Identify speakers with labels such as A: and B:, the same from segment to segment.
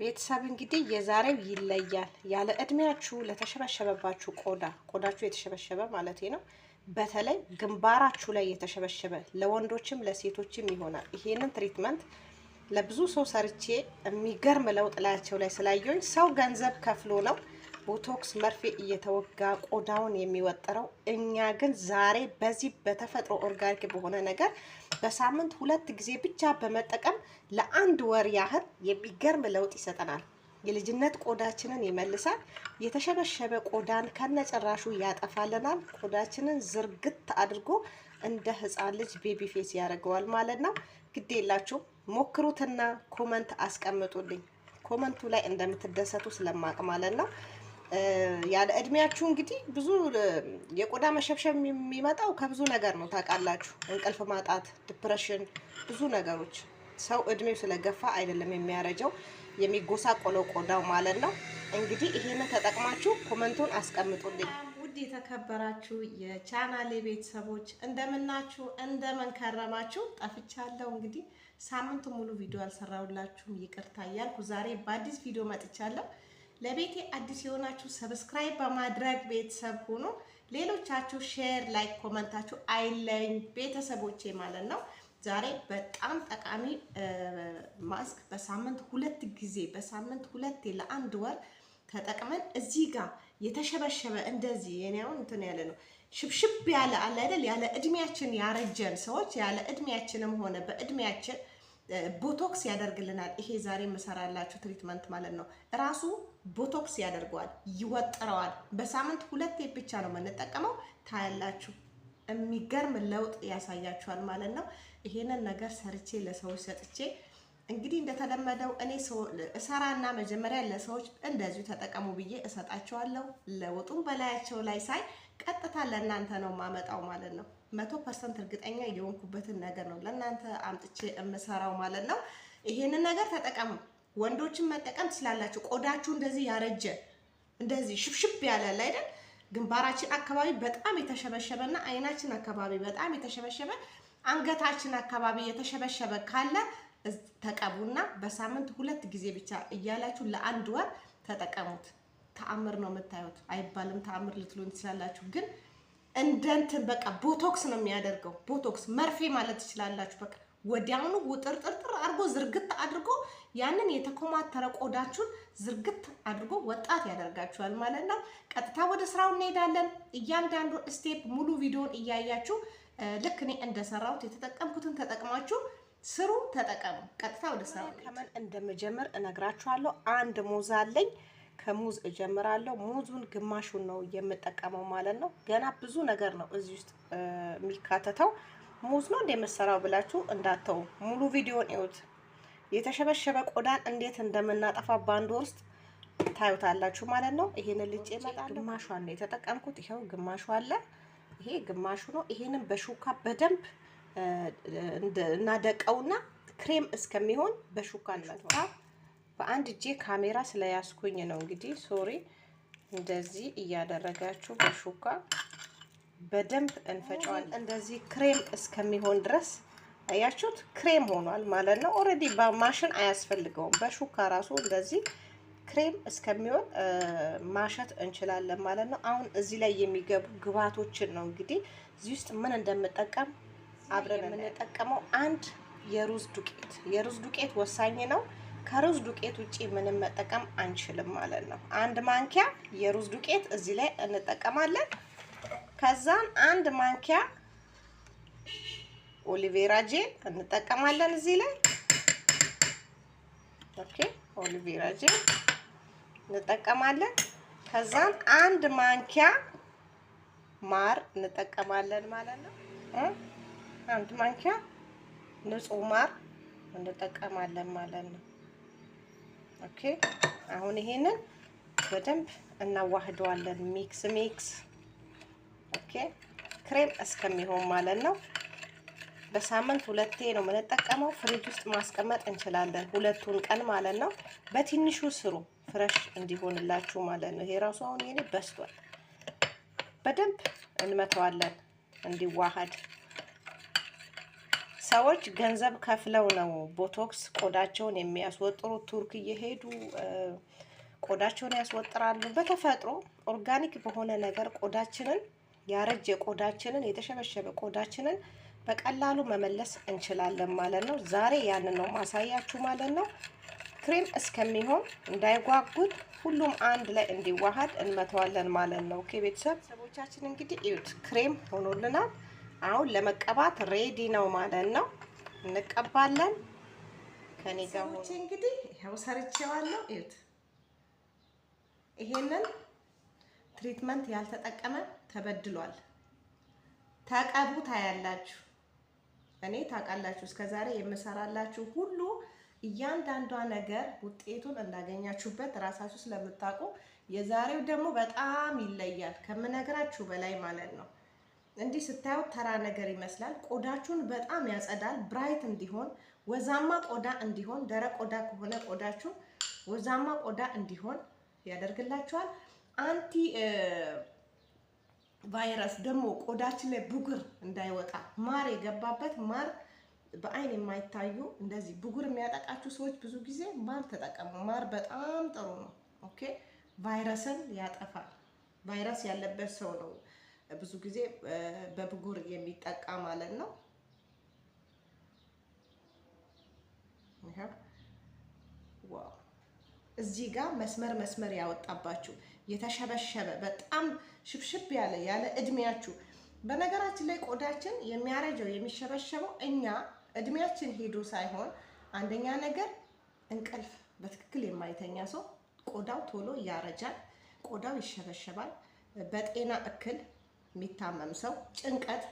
A: ቤተሰብ እንግዲህ የዛሬው ይለያል። ያለ እድሜያችሁ ለተሸበሸበባችሁ ቆዳ ቆዳችሁ የተሸበሸበ ማለት ነው። በተለይ ግንባራችሁ ላይ የተሸበሸበ ለወንዶችም ለሴቶችም ይሆናል። ይሄንን ትሪትመንት ለብዙ ሰው ሰርቼ የሚገርም ለውጥ ላያቸው ላይ ስላየኝ ሰው ገንዘብ ከፍሎ ነው ቦቶክስ መርፌ እየተወጋ ቆዳውን የሚወጥረው። እኛ ግን ዛሬ በዚህ በተፈጥሮ ኦርጋኒክ በሆነ ነገር በሳምንት ሁለት ጊዜ ብቻ በመጠቀም ለአንድ ወር ያህል የሚገርም ለውጥ ይሰጠናል። የልጅነት ቆዳችንን ይመልሳል። የተሸበሸበ ቆዳን ከነጭራሹ ያጠፋልናል። ቆዳችንን ዝርግት አድርጎ እንደ ህፃን ልጅ ቤቢ ፌስ ያደርገዋል ማለት ነው። ግድ የላችሁ ሞክሩትና ኮመንት አስቀምጡልኝ። ኮመንቱ ላይ እንደምትደሰቱ ስለማቅ ማለት ነው። ያለ እድሜያችሁ እንግዲህ ብዙ የቆዳ መሸብሸብ የሚመጣው ከብዙ ነገር ነው ታውቃላችሁ። እንቅልፍ ማጣት፣ ዲፕሬሽን፣ ብዙ ነገሮች ሰው እድሜው ስለገፋ አይደለም የሚያረጀው የሚጎሳቆለው ቆዳው ማለት ነው። እንግዲህ ይሄን ተጠቅማችሁ ኮመንቱን አስቀምጡልኝ። ውድ የተከበራችሁ የቻናሌ ቤተሰቦች እንደምናችሁ፣ እንደምንከረማችሁ። ጠፍቻለሁ እንግዲህ ሳምንቱ ሙሉ ቪዲዮ አልሰራሁላችሁም፣ ይቅርታ እያልኩ ዛሬ በአዲስ ቪዲዮ መጥቻለሁ። ለቤቴ አዲስ የሆናችሁ ሰብስክራይብ በማድረግ ቤተሰብ ሁኑ። ሌሎቻችሁ ሼር፣ ላይክ፣ ኮመንታችሁ አይለኝ ቤተሰቦቼ ማለት ነው። ዛሬ በጣም ጠቃሚ ማስክ በሳምንት ሁለት ጊዜ በሳምንት ሁለቴ ለአንድ ወር ተጠቅመን እዚህ ጋር የተሸበሸበ እንደዚህ የኔውን እንትን ያለ ነው ሽብሽብ ያለ አለ አይደል? ያለ እድሜያችን ያረጀን ሰዎች ያለ እድሜያችንም ሆነ በእድሜያችን ቦቶክስ ያደርግልናል። ይሄ ዛሬ የምሰራላችሁ ትሪትመንት ማለት ነው። ራሱ ቦቶክስ ያደርገዋል፣ ይወጥረዋል። በሳምንት ሁለቴ ብቻ ነው የምንጠቀመው። ታያላችሁ፣ የሚገርም ለውጥ ያሳያችኋል ማለት ነው። ይሄንን ነገር ሰርቼ ለሰዎች ሰጥቼ እንግዲህ እንደተለመደው እኔ እሰራና መጀመሪያ ለሰዎች እንደዚሁ ተጠቀሙ ብዬ እሰጣቸዋለሁ። ለውጡም በላያቸው ላይ ሳይ ቀጥታ ለእናንተ ነው የማመጣው ማለት ነው። መቶ ፐርሰንት እርግጠኛ የሆንኩበትን ነገር ነው ለእናንተ አምጥቼ የምሰራው ማለት ነው። ይሄንን ነገር ተጠቀሙ። ወንዶችን መጠቀም ትችላላችሁ። ቆዳችሁ እንደዚህ ያረጀ እንደዚህ ሽብሽብ ያለ አይደል? ግንባራችን አካባቢ በጣም የተሸበሸበ እና አይናችን አካባቢ በጣም የተሸበሸበ አንገታችን አካባቢ የተሸበሸበ ካለ ተቀቡና በሳምንት ሁለት ጊዜ ብቻ እያላችሁ ለአንድ ወር ተጠቀሙት። ተአምር ነው የምታዩት አይባልም ተአምር ልትሉን ትችላላችሁ። ግን እንደንትን በቃ ቦቶክስ ነው የሚያደርገው። ቦቶክስ መርፌ ማለት ትችላላችሁ። በቃ ወዲያውኑ ውጥርጥርጥር አድርጎ ዝርግት አድርጎ ያንን የተኮማተረ ቆዳችሁን ዝርግት አድርጎ ወጣት ያደርጋችኋል ማለት ነው። ቀጥታ ወደ ስራው እንሄዳለን። እያንዳንዱ ስቴፕ ሙሉ ቪዲዮን እያያችሁ ልክ እኔ እንደሰራሁት የተጠቀምኩትን ተጠቅማችሁ ስሩ፣ ተጠቀሙ። ቀጥታ ወደ ስራው ከምን እንደምጀምር እነግራችኋለሁ። አንድ ሙዝ አለኝ ከሙዝ እጀምራለሁ። ሙዙን ግማሹን ነው የምጠቀመው ማለት ነው። ገና ብዙ ነገር ነው እዚህ ውስጥ የሚካተተው። ሙዝ ነው እንደ ብላችሁ እንዳተው ሙሉ ቪዲዮን እዩት። የተሸበሸበ ቆዳን እንዴት እንደምናጠፋ ባንድ ውስጥ ታዩታላችሁ ማለት ነው። ይሄን ልጭ ይመጣል ግማሹ ነው የተጠቀምኩት። ይኸው ግማሹ አለ። ይሄ ግማሹ ነው። ይሄንን በሹካ በደንብ እናደቀውና ክሬም እስከሚሆን በሹካ እንመታዋለን። በአንድ እጄ ካሜራ ስለያዝኩኝ ነው። እንግዲህ ሶሪ። እንደዚህ እያደረጋችሁ በሹካ በደንብ እንፈጨዋለን። እንደዚህ ክሬም እስከሚሆን ድረስ አያችሁት፣ ክሬም ሆኗል ማለት ነው። ኦልሬዲ በማሽን አያስፈልገውም። በሹካ ራሱ እንደዚህ ክሬም እስከሚሆን ማሸት እንችላለን ማለት ነው። አሁን እዚህ ላይ የሚገቡ ግብዓቶችን ነው እንግዲህ እዚህ ውስጥ ምን እንደምጠቀም አብረን የምንጠቀመው አንድ የሩዝ ዱቄት የሩዝ ዱቄት ወሳኝ ነው። ከሩዝ ዱቄት ውጪ ምንም መጠቀም አንችልም ማለት ነው። አንድ ማንኪያ የሩዝ ዱቄት እዚህ ላይ እንጠቀማለን። ከዛን አንድ ማንኪያ ኦሊቬራ ጄል እንጠቀማለን እዚህ ላይ ኦኬ፣ ኦሊቬራ ጄል እንጠቀማለን። ከዛን አንድ ማንኪያ ማር እንጠቀማለን ማለት ነው። አንድ ማንኪያ ንጹህ ማር እንጠቀማለን ማለት ነው። ኦኬ። አሁን ይሄንን በደንብ እናዋህደዋለን። ሚክስ ሚክስ። ኦኬ፣ ክሬም እስከሚሆን ማለት ነው። በሳምንት ሁለቴ ነው የምንጠቀመው። ፍሪጅ ውስጥ ማስቀመጥ እንችላለን፣ ሁለቱን ቀን ማለት ነው። በትንሹ ስሩ፣ ፍረሽ እንዲሆንላችሁ ማለት ነው። ይሄ ራሱ አሁን ይሄኔ በስቷል። በደንብ እንመተዋለን እንዲዋሃድ ሰዎች ገንዘብ ከፍለው ነው ቦቶክስ ቆዳቸውን የሚያስወጥሩ። ቱርክ እየሄዱ ቆዳቸውን ያስወጥራሉ። በተፈጥሮ ኦርጋኒክ በሆነ ነገር ቆዳችንን ያረጀ ቆዳችንን የተሸበሸበ ቆዳችንን በቀላሉ መመለስ እንችላለን ማለት ነው። ዛሬ ያንን ነው ማሳያችሁ ማለት ነው። ክሬም እስከሚሆን እንዳይጓጉት ሁሉም አንድ ላይ እንዲዋሃድ እንመተዋለን ማለት ነው። ቤተሰብ ሰቦቻችን እንግዲህ ክሬም ሆኖልናል። አሁን ለመቀባት ሬዲ ነው ማለት ነው። እንቀባለን። ከኔ ጋር እንግዲህ ይኸው ሰርቼዋለሁ። እዩት። ይሄንን ትሪትመንት ያልተጠቀመ ተበድሏል። ተቀቡ ታያላችሁ። እኔ ታውቃላችሁ፣ እስከዛሬ የምሰራላችሁ ሁሉ እያንዳንዷ ነገር ውጤቱን እንዳገኛችሁበት ራሳችሁ ስለምታውቁ፣ የዛሬው ደግሞ በጣም ይለያል ከምነግራችሁ በላይ ማለት ነው። እንዲህ ስታዩት ተራ ነገር ይመስላል። ቆዳችሁን በጣም ያጸዳል። ብራይት እንዲሆን ወዛማ ቆዳ እንዲሆን፣ ደረቅ ቆዳ ከሆነ ቆዳችሁ ወዛማ ቆዳ እንዲሆን ያደርግላችኋል። አንቲ ቫይረስ ደግሞ ቆዳችን ላይ ብጉር እንዳይወጣ ማር የገባበት ማር በአይን የማይታዩ እንደዚህ ብጉር የሚያጠቃችሁ ሰዎች ብዙ ጊዜ ማር ተጠቀሙ። ማር በጣም ጥሩ ነው። ኦኬ ቫይረስን ያጠፋል። ቫይረስ ያለበት ሰው ነው ብዙ ጊዜ በብጉር የሚጠቃ ማለት ነው። እዚህ ጋር መስመር መስመር ያወጣባችሁ የተሸበሸበ በጣም ሽብሽብ ያለ ያለ እድሜያችሁ። በነገራችን ላይ ቆዳችን የሚያረጀው የሚሸበሸበው እኛ እድሜያችን ሄዶ ሳይሆን አንደኛ ነገር እንቅልፍ በትክክል የማይተኛ ሰው ቆዳው ቶሎ ያረጃል፣ ቆዳው ይሸበሸባል። በጤና እክል የሚታመም ሰው ጭንቀት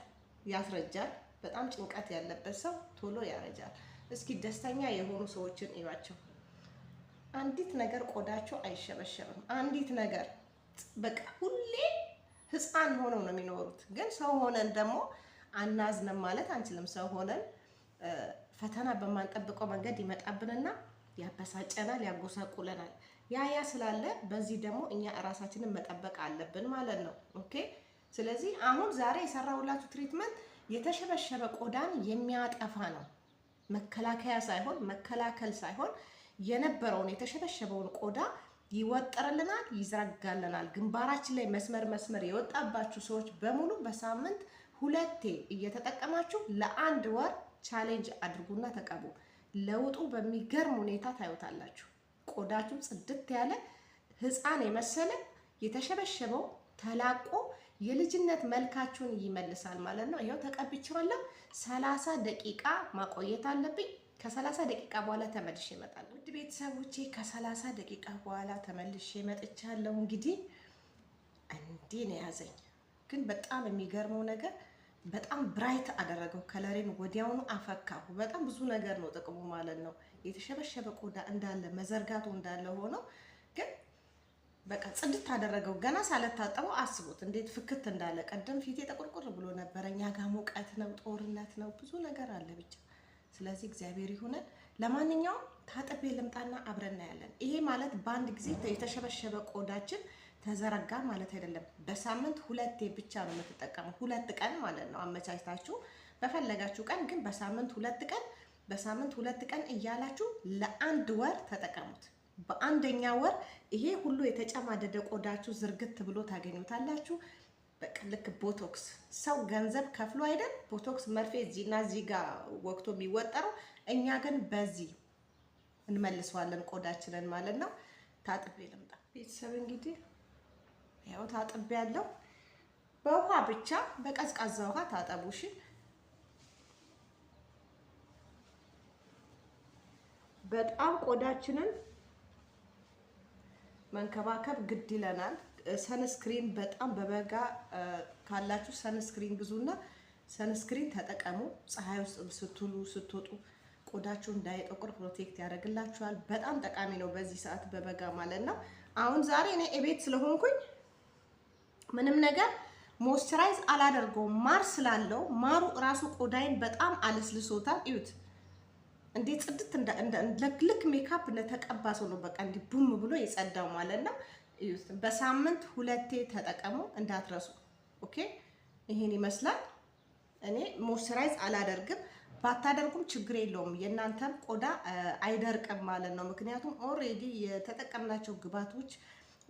A: ያስረጃል። በጣም ጭንቀት ያለበት ሰው ቶሎ ያረጃል። እስኪ ደስተኛ የሆኑ ሰዎችን እዩዋቸው። አንዲት ነገር ቆዳቸው አይሸበሸብም። አንዲት ነገር በቃ ሁሌ ህፃን ሆነው ነው የሚኖሩት። ግን ሰው ሆነን ደግሞ አናዝነም ማለት አንችልም። ሰው ሆነን ፈተና በማንጠብቀው መንገድ ይመጣብንና ያበሳጨናል፣ ያጎሳቁለናል። ያ ያ ስላለ በዚህ ደግሞ እኛ እራሳችንን መጠበቅ አለብን ማለት ነው። ኦኬ ስለዚህ አሁን ዛሬ የሰራሁላችሁ ትሪትመንት የተሸበሸበ ቆዳን የሚያጠፋ ነው። መከላከያ ሳይሆን መከላከል ሳይሆን የነበረውን የተሸበሸበውን ቆዳ ይወጠርልናል፣ ይዘረጋልናል። ግንባራችን ላይ መስመር መስመር የወጣባችሁ ሰዎች በሙሉ በሳምንት ሁለቴ እየተጠቀማችሁ ለአንድ ወር ቻሌንጅ አድርጉና ተቀቡ። ለውጡ በሚገርም ሁኔታ ታዩታላችሁ። ቆዳችሁ ጽድት ያለ ሕፃን የመሰለ የተሸበሸበው ተላቆ የልጅነት መልካችሁን ይመልሳል ማለት ነው። ይኸው ተቀብቼዋለሁ። ሰላሳ ደቂቃ ማቆየት አለብኝ። ከሰላሳ ደቂቃ በኋላ ተመልሼ እመጣለሁ። ውድ ቤተሰቦቼ ከሰላሳ ደቂቃ በኋላ ተመልሼ እመጥቻለሁ። እንግዲህ እንዲህ ነው ያዘኝ። ግን በጣም የሚገርመው ነገር በጣም ብራይት አደረገው ከለሬን፣ ወዲያውኑ አፈካሁ። በጣም ብዙ ነገር ነው ጥቅሙ ማለት ነው። የተሸበሸበ ቆዳ እንዳለ መዘርጋቱ እንዳለ ሆኖ ግን በቃ ጽድት አደረገው። ገና ሳለታጠበው አስቡት እንዴት ፍክት እንዳለ። ቀደም ፊቴ ጠቁርቁር ብሎ ነበረ። እኛ ጋር ሙቀት ነው፣ ጦርነት ነው፣ ብዙ ነገር አለ ብቻ። ስለዚህ እግዚአብሔር ይሁነን። ለማንኛውም ታጥቤ ልምጣና አብረና ያለን። ይሄ ማለት በአንድ ጊዜ የተሸበሸበ ቆዳችን ተዘረጋ ማለት አይደለም። በሳምንት ሁለቴ ብቻ ነው የምትጠቀሙ፣ ሁለት ቀን ማለት ነው አመቻችታችሁ በፈለጋችሁ ቀን። ግን በሳምንት ሁለት ቀን በሳምንት ሁለት ቀን እያላችሁ ለአንድ ወር ተጠቀሙት። በአንደኛ ወር ይሄ ሁሉ የተጨማደደ ቆዳችሁ ዝርግት ብሎ ታገኙታላችሁ። በቃ ልክ ቦቶክስ ሰው ገንዘብ ከፍሎ አይደል ቦቶክስ መርፌ እዚህና እዚህ ጋር ወቅቶ የሚወጠረው፣ እኛ ግን በዚህ እንመልሰዋለን ቆዳችንን ማለት ነው። ታጥቤ ልምጣ ቤተሰብ። እንግዲህ ያው ታጥቤ ያለው በውሃ ብቻ በቀዝቃዛ ውሃ ታጠቡ እሺ። በጣም ቆዳችንን መንከባከብ ግድ ይለናል። ሰንስክሪን በጣም በበጋ ካላችሁ ሰንስክሪን ግዙና ሰንስክሪን ተጠቀሙ። ፀሐይ ውስጥ ስትሉ ስትወጡ ቆዳችሁ እንዳይጠቁር ፕሮቴክት ያደርግላችኋል። በጣም ጠቃሚ ነው በዚህ ሰዓት በበጋ ማለት ነው። አሁን ዛሬ እኔ እቤት ስለሆንኩኝ ምንም ነገር ሞይስቸራይዝ አላደርገውም። ማር ስላለው ማሩ ራሱ ቆዳይን በጣም አለስልሶታል። እዩት። እንዴ ጽድት ለክልክ ሜካፕ እንደተቀባ ሰው ነው። በቃ እንዲ ቡም ብሎ የጸዳው ማለት ነው። በሳምንት ሁለቴ ተጠቀሙ እንዳትረሱ። ኦኬ ይሄን ይመስላል። እኔ ሞይስቸራይዝ አላደርግም። ባታደርጉም ችግር የለውም። የእናንተም ቆዳ አይደርቅም ማለት ነው። ምክንያቱም ኦሬዲ የተጠቀምናቸው ግባቶች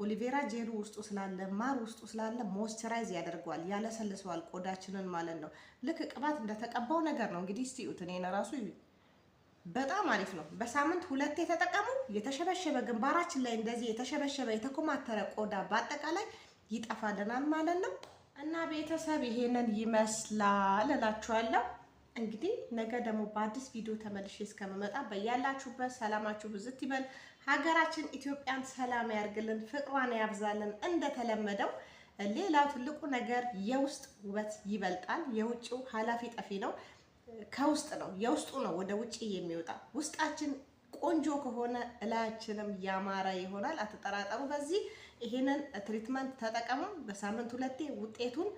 A: ኦሊቬራ ጄሉ ውስጡ ስላለ ማር ውስጡ ስላለ ሞይስቸራይዝ ያደርገዋል፣ ያለሰልሰዋል ቆዳችንን ማለት ነው። ልክ ቅባት እንደተቀባው ነገር ነው። እንግዲህ እስቲ እዩት እኔን ራሱ በጣም አሪፍ ነው። በሳምንት ሁለት የተጠቀሙ የተሸበሸበ ግንባራችን ላይ እንደዚህ የተሸበሸበ የተኮማተረ ቆዳ በአጠቃላይ ይጠፋልናል ማለት ነው። እና ቤተሰብ ይሄንን ይመስላል እላችኋለሁ። እንግዲህ ነገ ደግሞ በአዲስ ቪዲዮ ተመልሼ እስከምመጣ በያላችሁበት ሰላማችሁ ብዝት ይበል። ሀገራችን ኢትዮጵያን ሰላም ያርግልን፣ ፍቅሯን ያብዛልን። እንደተለመደው ሌላው ትልቁ ነገር የውስጥ ውበት ይበልጣል፣ የውጭው ኃላፊ ጠፊ ነው። ከውስጥ ነው የውስጡ ነው ወደ ውጭ የሚወጣ። ውስጣችን ቆንጆ ከሆነ እላያችንም ያማረ ይሆናል፣ አትጠራጠሩ በዚህ። ይሄንን ትሪትመንት ተጠቀሙ። በሳምንት ሁለቴ ውጤቱን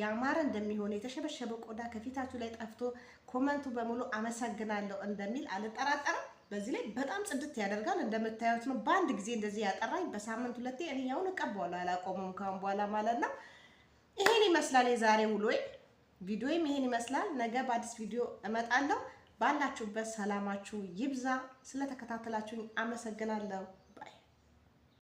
A: ያማረ እንደሚሆን የተሸበሸበ ቆዳ ከፊታችሁ ላይ ጠፍቶ ኮመንቱ በሙሉ አመሰግናለሁ እንደሚል አልጠራጠርም። በዚህ ላይ በጣም ጽድት ያደርጋል። እንደምታዩት ነው። በአንድ ጊዜ እንደዚህ ያጠራኝ በሳምንት ሁለቴ እኔ ያውን እቀባዋለሁ፣ አላቆመም ካሁን በኋላ ማለት ነው። ይሄን ይመስላል የዛሬ ውሎዬ። ቪዲዮም ይሄን ይመስላል። ነገ በአዲስ ቪዲዮ እመጣለሁ። ባላችሁበት ሰላማችሁ ይብዛ። ስለተከታተላችሁኝ አመሰግናለሁ።